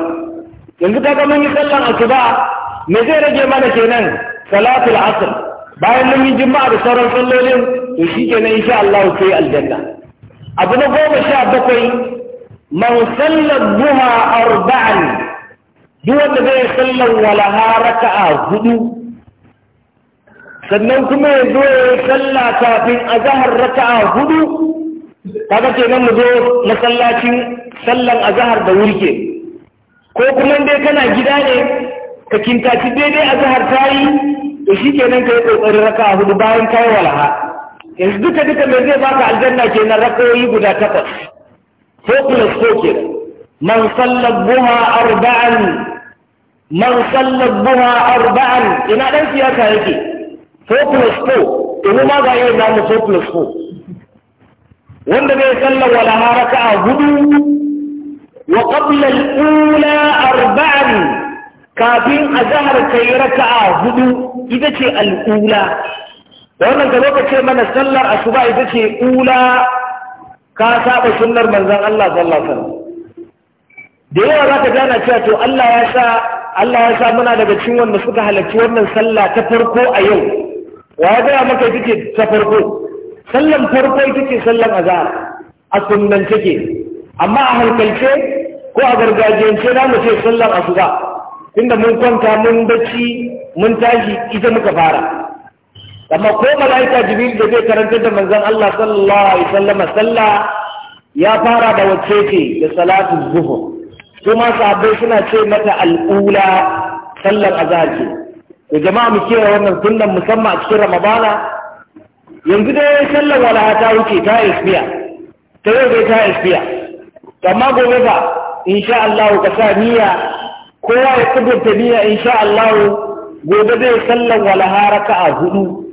yanzu ta mun yi sallan asuba me zai rage mana kenan salatul asr bayan mun yi juma'a da sauran sallolin to shi kenan insha Allah sai aljanna abu na goma sha bakwai man sallar duha arba'an duk wanda zai sallar walaha raka'a hudu sannan kuma ya zo ya yi kafin a zahar a hudu kaga ce nan mu zo masallacin sallan a zahar da wurke ko kuma dai kana gida ne ka kintaci daidai a zahar ta yi to shi kenan ka yi ƙoƙarin raka'a hudu bayan ka yi walaha yanzu duka duka mai zai baka aljanna kenan rakayoyi guda takwas ko plus ko ke man sallar buha arba'an man sallar buha arba'an ina dan siyasa yake ko plus ko to ma ga yau namu ko plus ko wanda bai sallar wala haraka a hudu wa qabla al-ula arba'an kafin a azhar kai a hudu ita ce al-ula wannan da lokaci mana sallar asuba ita ce ula ka saba sunnar manzan Allah sallallahu alaihi da yawa za ka gana cewa to Allah ya sa Allah ya sa muna daga cikin wanda suka halarci wannan sallah ta farko a yau wa ya gaya maka ita ce ta farko sallan farko ita ce sallan azhar a sunnan take amma a halkalce ko a gargajiyance na mu ce sallan asuba tunda mun kwanta mun bacci mun tashi ita muka fara amma ko mala'ika jibril da zai karanta da manzon Allah sallallahu alaihi wasallam sallah ya fara da wacce ce da salatu zuhur kuma sahabbai suna ce mata al'ula sallar azaji to jama'a mu kiyaye wannan sunnan musamman a cikin ramadana yanzu dai sallar walaha ta wuce ta isbiya ta yau dai ta isbiya amma gobe ba insha Allah ka sa niyya kowa ya kudurta niyya insha Allah gobe zai sallar walaha raka'a hudu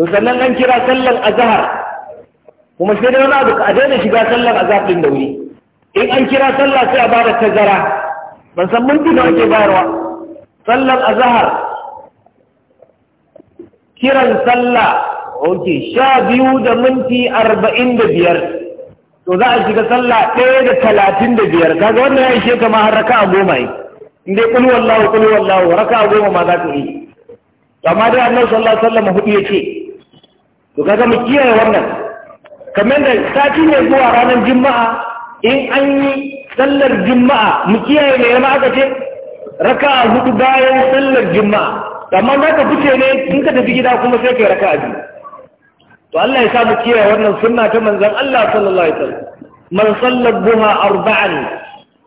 to sannan an kira sallar azhar kuma sai dai wani abu a daina shiga sallar azhar din da wuri in an kira sallah sai a bada tazara ban san mun da ake bayarwa Sallar azhar kiran sallah ok sha biyu da minti arba'in da biyar to za a shiga sallah ɗaya da talatin da biyar kaga wannan ya ishe kama har raka a goma yi in dai kulwallahu kulwallahu raka a goma ma za ta yi amma dai annabi sallallahu alaihi wasallam hudu yake to kaga mu kiyaye wannan kamar da sati ne zuwa ranar juma'a in an yi sallar juma'a mu kiyaye ne ma aka ce raka'a hudu bayan sallar juma'a amma za ka fice ne in ka tafi gida kuma sai kai raka'a biyu to Allah ya sa mu kiyaye wannan sunna ta manzon Allah sallallahu alaihi wasallam man sallar duha arba'an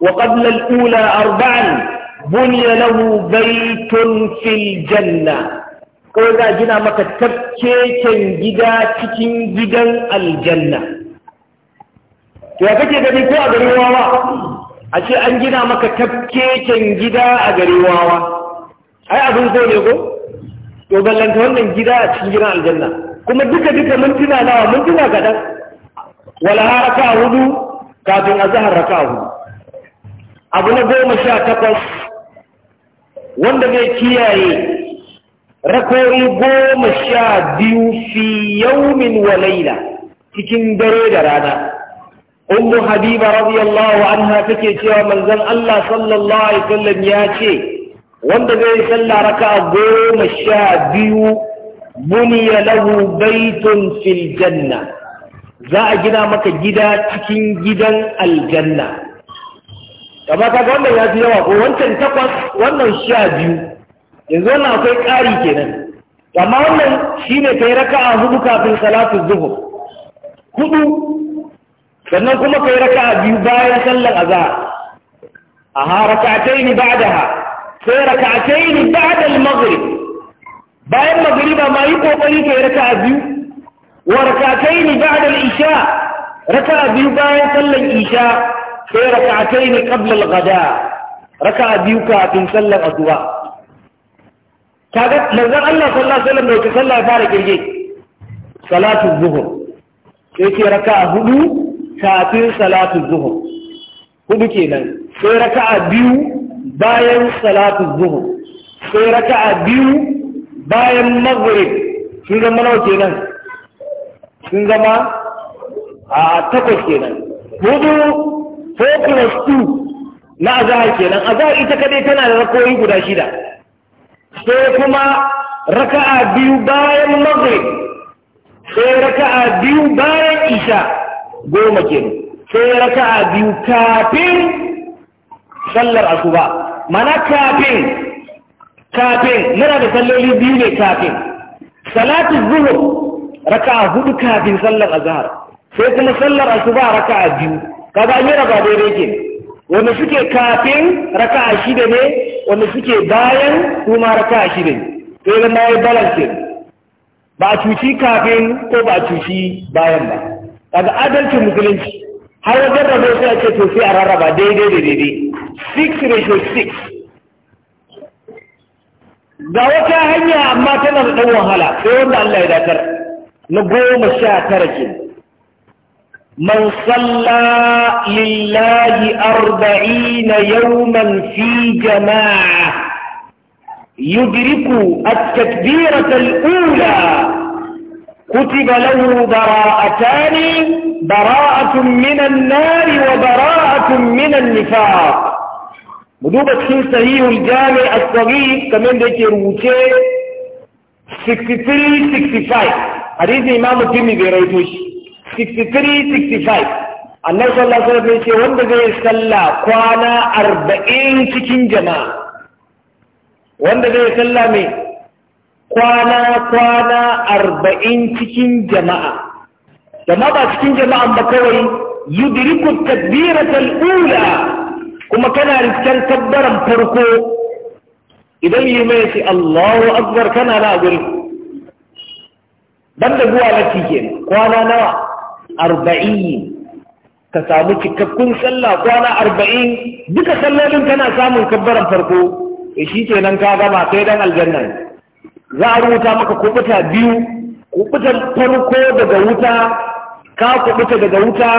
wa qabla al-ula arba'an bunya lahu baytun fil janna kawai za a gina maka tafkeken gida cikin gidan aljanna to ya kake gani ko a garin wawa a ce an gina maka tafkeken gida a garin wawa ai abin so ne ko to ballanta wannan gida a cikin gidan aljanna kuma duka duka mintuna nawa mintuna kaɗan wala haraka hudu kafin a zahar raka hudu abu na goma sha takwas wanda zai kiyaye Rakori goma sha biyu fi yaumin wa laila cikin dare da rana ummu habiba radiyallahu anha take cewa manzon Allah sallallahu alaihi wasallam ya ce wanda zai salla raka'a goma sha biyu buniya lahu baitun fil janna za a gina maka gida cikin gidan aljanna kamar kaga wannan ya fi yawa ko wancan takwas wannan sha biyu yanzu wannan akwai ƙari kenan amma wannan shi ne kai raka'a hudu kafin salatu zuhu. hudu sannan kuma kai raka'a biyu bayan sallar a A za'a. azhar aha raka'atayn ba'daha sai raka'atayn ba'da al-maghrib bayan ba ma yi kokari kai raka'a biyu wa raka'atayn ba da isha raka'a biyu bayan sallar isha sai raka'atayn qabla al-ghada raka'a biyu kafin sallar zuwa. kaga manzon Allah sallallahu alaihi wasallam bai sallah ya fara kirge salatu zuhur sai ke raka'a hudu kafin salatu zuhur hudu kenan sai raka'a biyu bayan salatu zuhur sai raka'a biyu bayan maghrib sun zama nawa kenan sun zama a takwas kenan hudu 4 plus 2 na azahar kenan azahar ita kadai tana da rakoyi guda shida sai kuma raka'a biyu bayan maghrib sai raka'a biyu bayan isha goma kenan sai raka'a biyu kafin sallar asuba mana kafin kafin muna da salloli biyu ne kafin salatu zuhur raka'a hudu kafin sallar azhar sai kuma sallar asuba raka'a biyu kaza an yi raba daidai kenan wanda suke kafin raka raka'a shida ne wanda suke bayan kuma raka'a shida ne sai zama mai balance ba a cuci kafin ko ba a cuci bayan ba daga adalcin musulunci har wajen jarra sai a ce to sai a rarraba daidai da daidai 6 ratio 6 ga wata hanya amma tana da ɗan wahala sai wanda Allah ya dakar na goma sha tara kenan من صلى لله أربعين يوما في جماعة يدرك التكبيرة الأولى كتب له براءتان براءة من النار وبراءة من النفاق مدوبة في صحيح الجامع الصغير كمان ذلك روتي 63-65 حديث إمام الترمذي بيريتوش 63-65 Allah sallah sallah mai ce wanda zai salla kwana arba'in cikin jama'a wanda zai salla mai kwana kwana arba'in cikin jama'a jama'a ba cikin jama'a ba kawai yudriku takbiratul ula kuma kana riskan tabbaran farko idan yi mai ce Allahu akbar kana na gurin banda zuwa lati kenan kwana nawa arba'in ka samu cikakkun sallah kwana arba'in duka sallolin tana samun kabbaran farko e shi ke nan ka gama kai dan aljanna za a rubuta maka kubuta biyu kubutan farko daga wuta ka kubuta daga wuta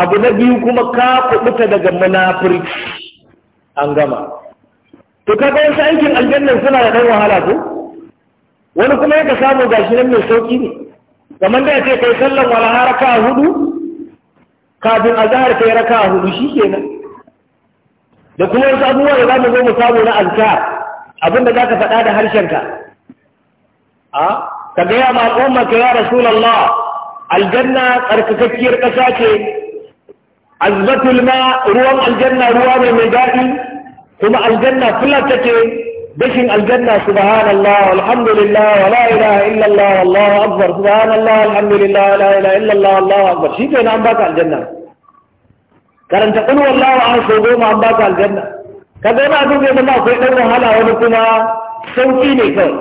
abu na biyu kuma ka kubuta daga munafurci an gama to ka ga wasu aikin aljanna suna da dan wahala ko wani kuma yaka samu gashi nan mai sauki ne kamar da ce kai sallan walaha raka hudu kafin azhar kai raka hudu shi kenan da kuma wasu abubuwa da za mu zo mu samu na azkar abinda za ka faɗa da harshenka a ka gaya ma al'umma ka ya rasulallah aljanna tsarkakakkiyar ƙasa ce azbatul ma ruwan aljanna ruwa mai mai daɗi kuma aljanna fulat ce. دشن الجنة سبحان الله والحمد لله ولا إله إلا الله والله أكبر سبحان الله الحمد لله لا إله إلا الله الله أكبر شيء كان عم الجنة كان تقول والله أنا سوقوم عم باك الجنة كذا ما أدوك يا الله في قدر هلا ونكما سوقيني كون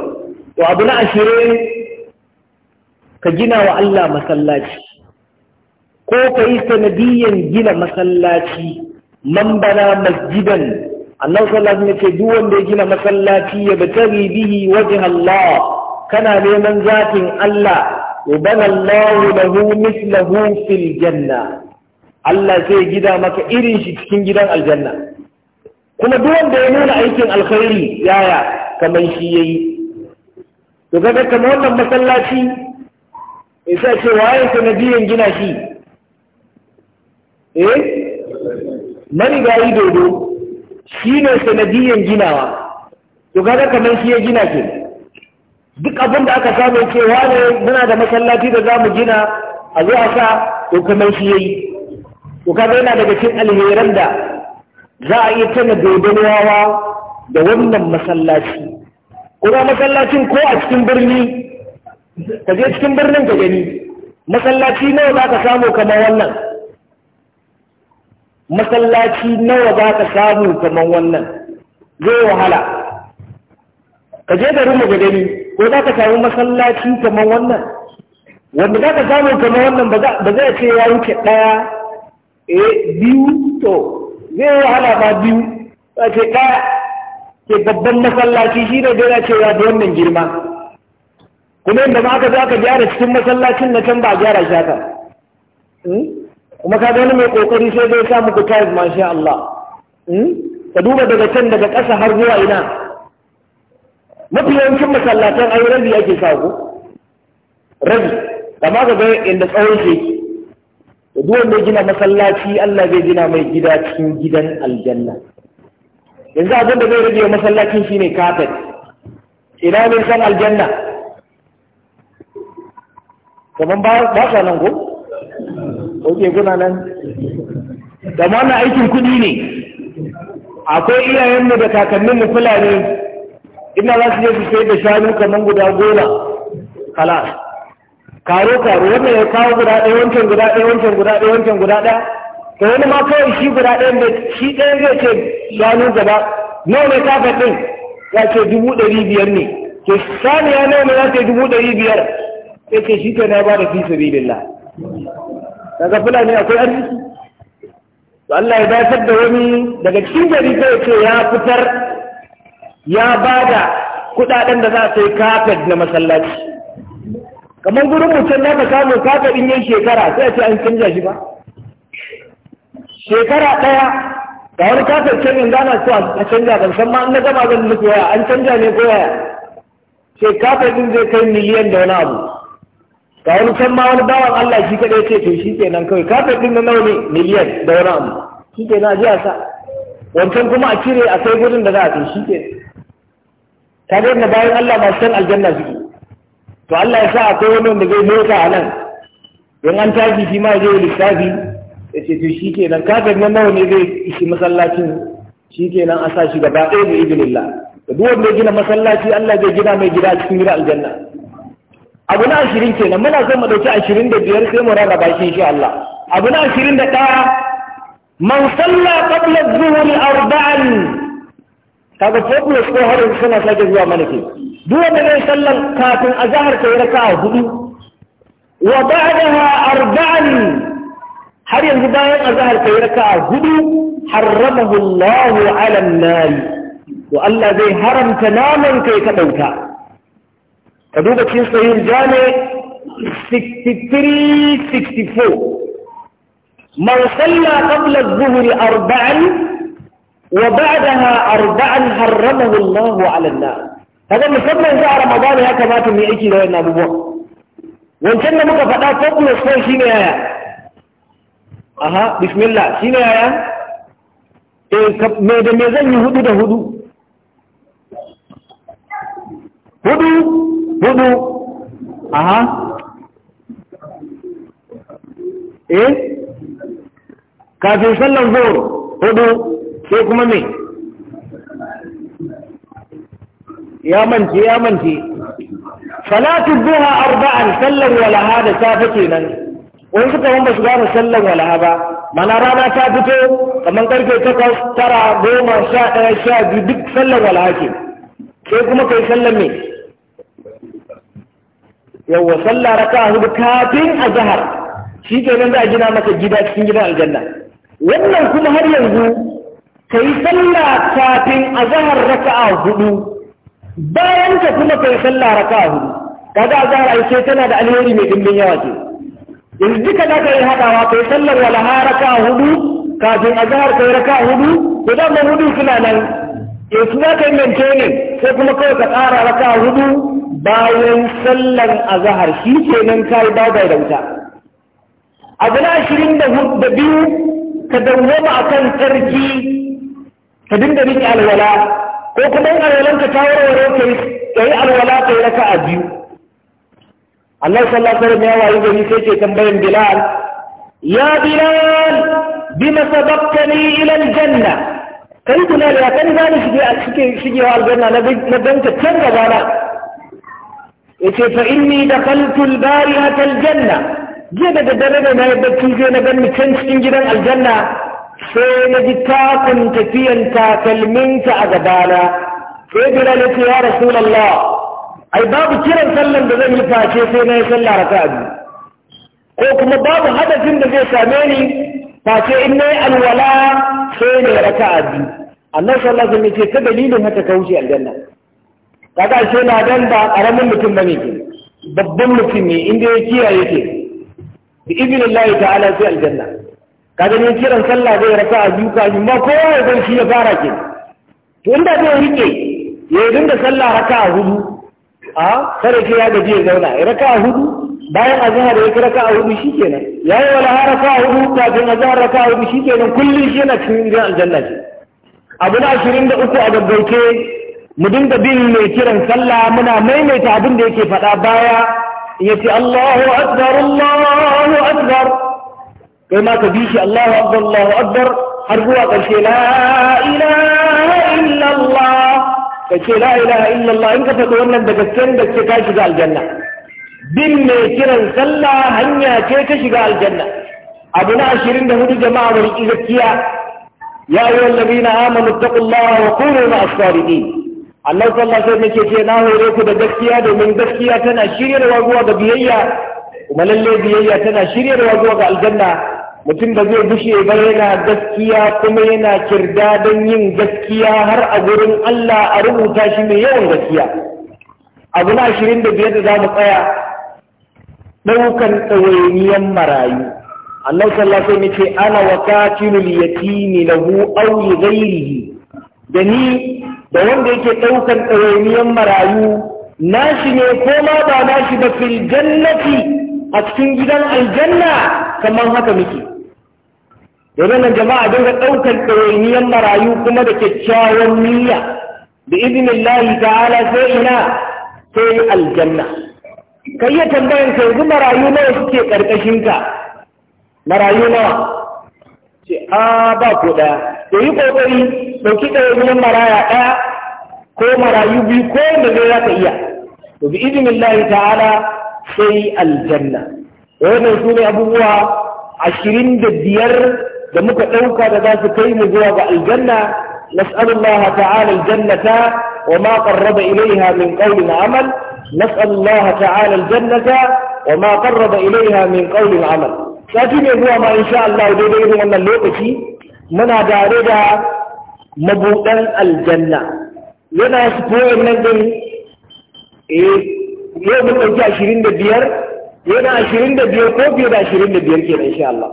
وأبناء شيرين كجنا وألا مسلاتي ko ka جنا sanadiyyar gina masallaci man annabi sallallahu alaihi wasallam duk wanda ya gina masallaci ya batari bihi wajen Allah kana neman zatin Allah wa Allah lahu mislahu fil janna Allah zai gida maka irin shi cikin gidan aljanna kuma duk wanda ya nuna aikin alkhairi yaya kamar shi yayi to kaga kamar wannan masallaci sai ce waye sanadiyan gina shi eh mani gari dodo shi ne sanadiyyar ginawa to kamar shi ya gina ke duk abin da aka samu cewa ne muna da masallaci da za mu gina a zuwa sa to kamar shi ya yi to yana daga cin alheran da za a iya tana dodon wawa da wannan masallaci kuma masallacin ko a cikin birni ka je cikin birnin ka gani masallaci nawa za ka samu kamar wannan masallaci nawa za ka samu kamar wannan zai wahala ka je garin mu gani ko za ka samu masallaci kamar wannan wanda za ka samu kamar wannan ba zai ce ya wuce ɗaya eh biyu to zai wahala ba biyu a ce ɗaya ke babban masallaci shi ne dai ce ya da wannan girma kuma yadda ma aka za ka gyara cikin masallacin na can ba gyara shaka kuma ka gani mai kokari sai zai sa muku tiles masha Allah hmm? ka duba daga can daga ƙasa har zuwa ina mafi yawancin masallatan ayi rabi ake sa ku rabi Amma ga bayan inda tsawon shi da duwan mai gina masallaci Allah zai gina mai gida cikin gidan aljanna yanzu abin da zai rage masallacin shine kafet ina ne san aljanna kaman ba sa nan ko oke kuna nan da mana aikin kuɗi ne akwai iyayenmu da kakanninmu fulani ina za su je su sai da shanu kamar guda gola kala karo karo wannan ya kawo guda ɗaya wancan guda ɗaya wancan guda ɗaya wancan guda ɗaya to wani ma kawai shi guda ɗaya, da shi ɗaya zai ce shanu gaba nawa ne kafa ɗin ya ce dubu ɗari biyar ne to ya nawa ne ya ce dubu ɗari biyar ya ce shi ke na ba da fi sabilillah daga fulani akwai arziki to Allah ya dakatar da wani daga cikin gari sai ce ya fitar ya bada kudaden da za a yi kafet na masallaci kamar gurin mutum za ka samu kafet in yin shekara sai a ce an canja shi ba shekara ɗaya ga wani kafet can in gana su a canja ban san ma an na gama zan nufi waya an canja ne ko waya sai kafet din zai kai miliyan da wani abu ga wani can ma wani bawan Allah shi kaɗai ce to shi kenan kawai kafin ɗin na nawa ne miliyan da wani abu shi kenan a ji a sa wancan kuma a cire a sai gudun da za a kai shi kenan ta ga yadda bayan Allah masu san aljanna suke to Allah ya sa akwai wani wanda zai mota a nan in an tashi shi ma zai lissafi ya ce to shi kenan kafin na nawa ne zai ishi masallacin shi kenan a sa shi gaba ɗaya da ibinillah duk wanda ya gina masallaci Allah zai gina mai gida cikin gida aljanna abu na ashirin kenan muna son mu ɗauki ashirin da biyar sai mu rarraba shi insha Allah abu na ashirin da ɗaya man salla qabla zuhuri arba'an kaga ko kuma ko har suna sake zuwa mana ke duk wanda zai sallan kafin azhar kai raka'a hudu wa ba'daha arba'an har yanzu bayan azhar kai raka'a hudu harramahu Allahu 'ala an-nar to Allah zai haramta naman kai ka dauka ka duba cikin sayin jami 63-64 man salla qabla zuhuri arba'an wa ba'daha arba'an harramahu Allahu 'ala an-nar kaga musamman za a Ramadan ya kamata mu yi aiki da wannan abubuwa wancan da muka faɗa ko kuma so shine yaya aha bismillah shine yaya eh me da me zan yi hudu da hudu hudu hudu aha eh kafin sallar zuwa hudu sai kuma me ya manci ya manci salatu duha arba'an sallar walaha da safe kenan wani suka wanda su gane sallar walaha ba mana rana ta fito kamar karfe takwas tara goma sha ɗaya sha biyu duk sallar walaha ke sai kuma kai sallar me yawwa sallah raka'a hudu kafin azhar shi kenan za a gina maka gida cikin gidan aljanna wannan kuma har yanzu kai sallah kafin raka raka'a hudu bayan ka kuma kai sallah raka'a hudu kaga a ai ce tana da alheri mai dimbin yawa ce yanzu duka za ka yi haɗawa kai sallar walaha raka'a hudu kafin azahar kai raka'a hudu to da hudu suna nan yanzu za ka yi maintaining sai kuma kawai ka raka raka'a hudu bayan sallan azahar shi ke nan kai babai da wuta A gina ashirin da biyu ka dawwama a kan tsarki ka dinga riƙe alwala ko kuma alwalan ka ta warware ka yi alwala ka yi raka a biyu Allah sallallahu alaihi wasallam ya wayi gari sai ke tambayan Bilal ya Bilal bima sabaqtani ila aljanna kai kuma ya kan zani shige a cikin shigewa aljanna na danka can gaba na yace fa inni dakhaltu al-bariyata al-janna jiya daga dare na nayi bacci je na ganni can cikin gidan aljanna sai na ji takun tafiyan takalminta a gabana sai bilal yace ya rasulullah ai babu kiran sallan da zan yi face sai na yi sallah raka'a ko kuma babu hadafin da zai same ni face in nayi alwala sai ne raka'a biyu Allah sallallahu alaihi wasallam ce ta dalilin haka ka wuce aljanna kaga ashe dan ba karamin mutum bane ke babban mutum ne inda ya kiyaye ke bi ibnillahi ta'ala sai aljanna kaga ne kiran sallah zai raka a duka, kafin ma kowa ya shi ya fara ke to inda zai rike ya dinga sallah raka a hudu a kare ke ya gaji ya zauna ya raka a hudu bayan azhar ya kira raka a hudu shikenan yayi wala haraka a hudu kafin azhar raka a hudu shikenan kullun shi yana cikin aljanna ce abu na 23 a gaggauke mu dinga bin mai kiran sallah muna maimaita abin da yake faɗa baya ya ce Allahu akbar Allahu akbar kai ma ka bi shi Allahu akbar Allahu akbar har zuwa ƙarshe la ilaha illallah ka ce la ilaha illallah in ka faɗi wannan da gasken da ka shiga aljanna bin mai kiran sallah hanya ce ka shiga aljanna abu na ashirin da hudu jama'a bari gaskiya ya yi wallabi na amanu taqullaha wa kunu ma as-sadiqin Allah sallallahu alaihi ce na hore ku da gaskiya domin gaskiya tana shiryarwa zuwa ga biyayya kuma lalle biyayya tana shiryarwa zuwa ga aljanna mutum da zai bushe ba yana gaskiya kuma yana kirda don yin gaskiya har a gurin Allah a rubuta shi mai yawan gaskiya abu na ashirin da biyar da za mu tsaya ɗaukan ɗawainiyar marayu Allah ta alaihi ce ana wa katilul yatimi lahu aw li ghairihi da ni da wanda yake ɗaukan ɗawainiyar marayu nashi ne ko ma ba nashi ba fil jannati a cikin gidan aljanna kamar haka muke yanzu nan jama'a ga ɗaukan ɗawainiyar marayu kuma da kyakkyawan niyya da izinin lahi ta'ala sai ina sai aljanna kai ya tambayan ka yanzu marayu nawa suke ƙarƙashinka marayu nawa ce a ah, ba ku ɗaya ya yi ƙoƙari ɗauki ɗawainiyar maraya ɗaya ko marayu biyu ko da zai zaka iya to bi idinin lahi ta'ala sai aljanna wannan su ne abubuwa ashirin da biyar da muka ɗauka da za su kai mu zuwa ga aljanna nas'alullah ta'ala aljannata wa ma qarraba ilaiha min qawlin amal nas'alullah ta'ala aljannata wa ma qarraba ilaiha min qawlin amal sati ne zuwa ma insha Allah daidai irin wannan lokaci muna tare da mabuɗan aljanna yana su koyar nan din eh yau mun ɗauki ashirin da biyar yana ashirin da biyar ko fiye da ashirin da biyar kenan insha Allah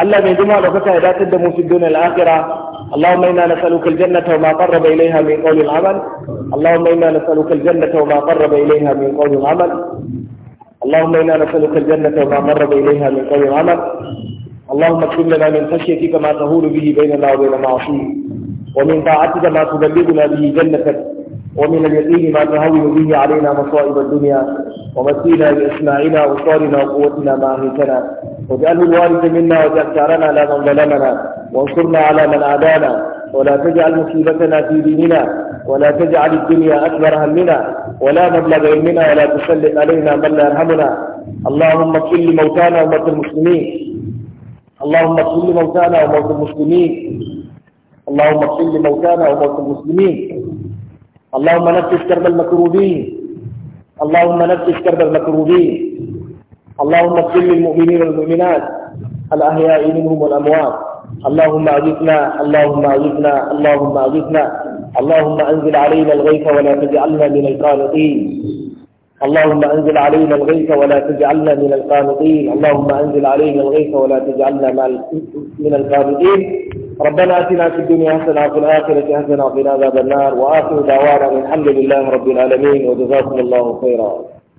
Allah mai jima da kuka ya datar da mu fi dunar al'akira اللهم إنا نسألك الجنة وما قرب إليها من قول عمل اللهم إنا نسألك الجنة وما قرب إليها من قول عمل اللهم إنا نسألك الجنة وما قرب إليها من قول عمل اللهم اكفنا لنا من خشيتك ما تهول به بيننا وبين معصيك ومن طاعتك ما تبلغنا به جنتك ومن اليقين ما تهون به علينا مصائب الدنيا ومسينا باسماعنا وصارنا وقوتنا ما اهلكنا واجعله الوارد منا واجعل لا على من ظلمنا وانصرنا على من عادانا ولا تجعل مصيبتنا في ديننا ولا تجعل الدنيا اكبر همنا ولا مبلغ علمنا ولا تسلط علينا من لا يرحمنا اللهم اغفر لموتانا وموتى المسلمين اللهم اغفر لموتانا وموتى المسلمين اللهم اغفر لموتانا وموتى المسلمين اللهم نفس كرب المكروبين اللهم نفس كرب المكروبين اللهم اغفر للمؤمنين والمؤمنات الاحياء منهم والاموات اللهم اعذنا اللهم اعذنا اللهم اعذنا اللهم انزل علينا الغيث ولا تجعلنا من القانطين اللهم أنزل علينا الغيث ولا تجعلنا من القانطين اللهم أنزل علينا الغيث ولا تجعلنا من القانطين ربنا أتنا في الدنيا حسنة وفي الآخرة حسنة وقنا عذاب النار وآخر دعوانا الحمد لله رب العالمين وجزاكم الله خيرا